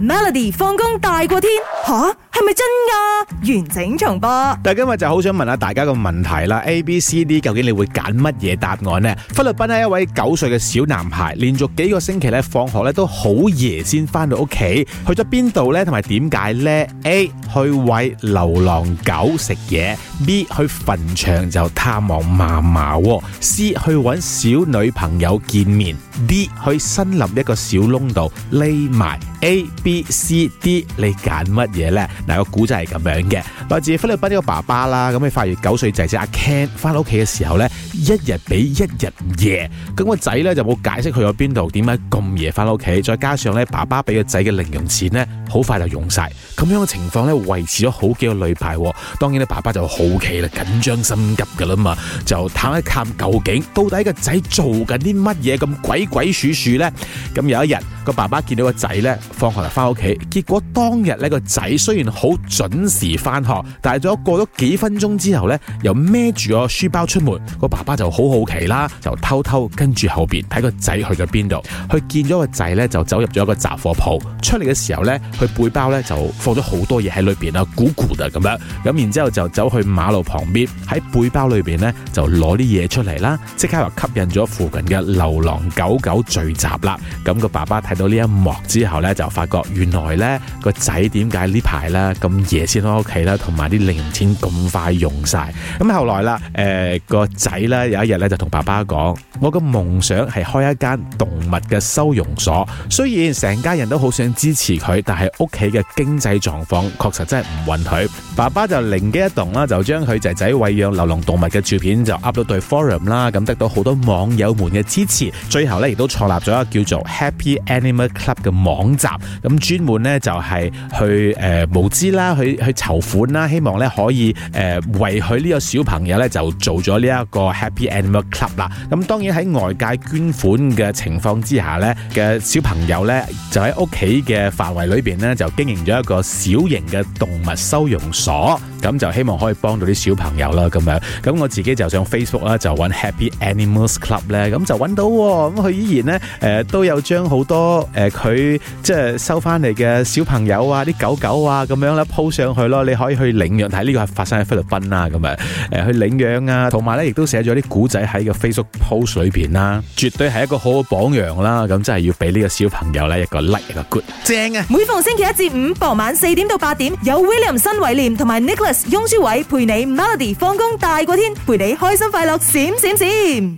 Melody 放工大過天，吓？係咪真噶？完整重播。但係今日就好想問下大家個問題啦。A、B、C、D，究竟你會揀乜嘢答案呢？菲律賓咧一位九歲嘅小男孩，連續幾個星期咧放學咧都好夜先翻到屋企，去咗邊度呢？同埋點解呢？A 去喂流浪狗食嘢，B 去墳場就探望嫲嫲，C 去揾小女朋友見面，D 去森林一個小窿度匿埋。A、B、C、D，你揀乜嘢呢？嗱、那個，個古仔係咁樣嘅，來自菲律賓呢個爸爸啦，咁你發現九歲仔仔阿 Ken 翻屋企嘅時候呢，一日比一日夜，咁、那個仔呢就冇解釋去咗邊度，點解咁夜翻屋企？再加上呢，爸爸俾個仔嘅零用錢呢，好快就用晒，咁樣嘅情況呢，維持咗好幾個禮拜喎。當然呢，爸爸就好奇啦，緊張心急噶啦嘛，就探一探究竟，到底個仔做緊啲乜嘢咁鬼鬼祟祟呢？咁有一日。個爸爸見到個仔呢，放學就翻屋企，結果當日呢個仔雖然好準時翻學，但係咗過咗幾分鐘之後呢，又孭住個書包出門，個爸爸就好好奇啦，就偷偷跟住後邊睇個仔去咗邊度。佢見咗個仔呢，就走入咗一個雜貨鋪，出嚟嘅時候呢，佢背包呢就放咗好多嘢喺裏邊啦，鼓咕啊咁樣，咁然之後就走去馬路旁邊，喺背包裏邊呢，就攞啲嘢出嚟啦，即刻又吸引咗附近嘅流浪狗狗聚集啦。咁個爸爸睇。到呢一幕之後呢，就發覺原來呢個仔點解呢排呢咁夜先返屋企啦，同埋啲零用錢咁快用晒。咁後來啦，誒個仔呢有一日呢，就同爸爸講：我嘅夢想係開一間動物嘅收容所。雖然成家人都好想支持佢，但係屋企嘅經濟狀況確實真係唔允許。爸爸就靈機一動啦，就將佢仔仔餵養流浪動物嘅照片就 upload 到去 forum 啦，咁得到好多網友們嘅支持。最後咧，亦都創立咗一個叫做 Happy Animal Club 嘅網站，咁專門咧就係去誒募資啦，去去籌款啦，希望咧可以誒、呃、為佢呢個小朋友咧就做咗呢一個 Happy Animal Club 啦。咁當然喺外界捐款嘅情況之下咧，嘅小朋友咧就喺屋企嘅範圍裏面呢就經營咗一個小型嘅動物收容。好。咁就希望可以幫到啲小朋友啦，咁樣咁我自己就上 Facebook 啦，就揾 Happy Animals Club 咧，咁就揾到、哦，咁佢依然咧誒、呃、都有將好多誒佢、呃、即係收翻嚟嘅小朋友啊、啲狗狗啊咁樣咧 po 上去咯，你可以去領養睇，呢個係發生喺菲律賓啦、啊，咁啊誒去領養啊，同埋咧亦都寫咗啲古仔喺個 Facebook post 裡面啦，絕對係一個好好榜樣啦，咁真係要俾呢個小朋友咧一個 like 一個 good，正啊！每逢星期一至五傍晚四點到八點，有 William 新偉廉同埋 n 翁書偉陪你 Melody 放工大過天，陪你開心快樂閃閃閃。